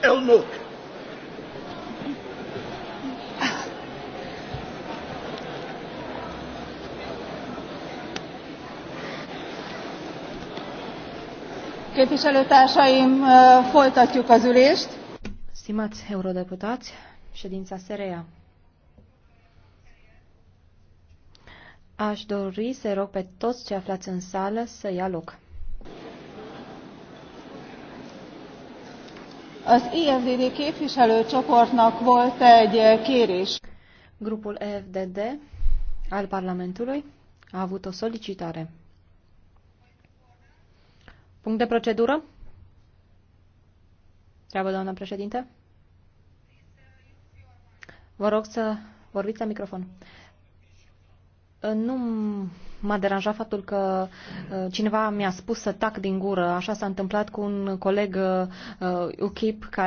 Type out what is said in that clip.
Elmuk. Képviselőtársaim, folytatjuk az ülést. Stimați eurodeputați, ședința SREA. Aș dori să rog pe toți ce aflați în sală să ia loc. Az EFDD képviselőcsoportnak volt egy eh, kérés. Grupul EFDD al Parlamentului a avut o solicitare. Punct de procedură? Treabă, doamna președinte? Vă rog să vorbiți la microfon. Nu m-a deranjat faptul că uh, cineva mi-a spus să tac din gură. Așa s-a întâmplat cu un coleg uh, uh, UKIP care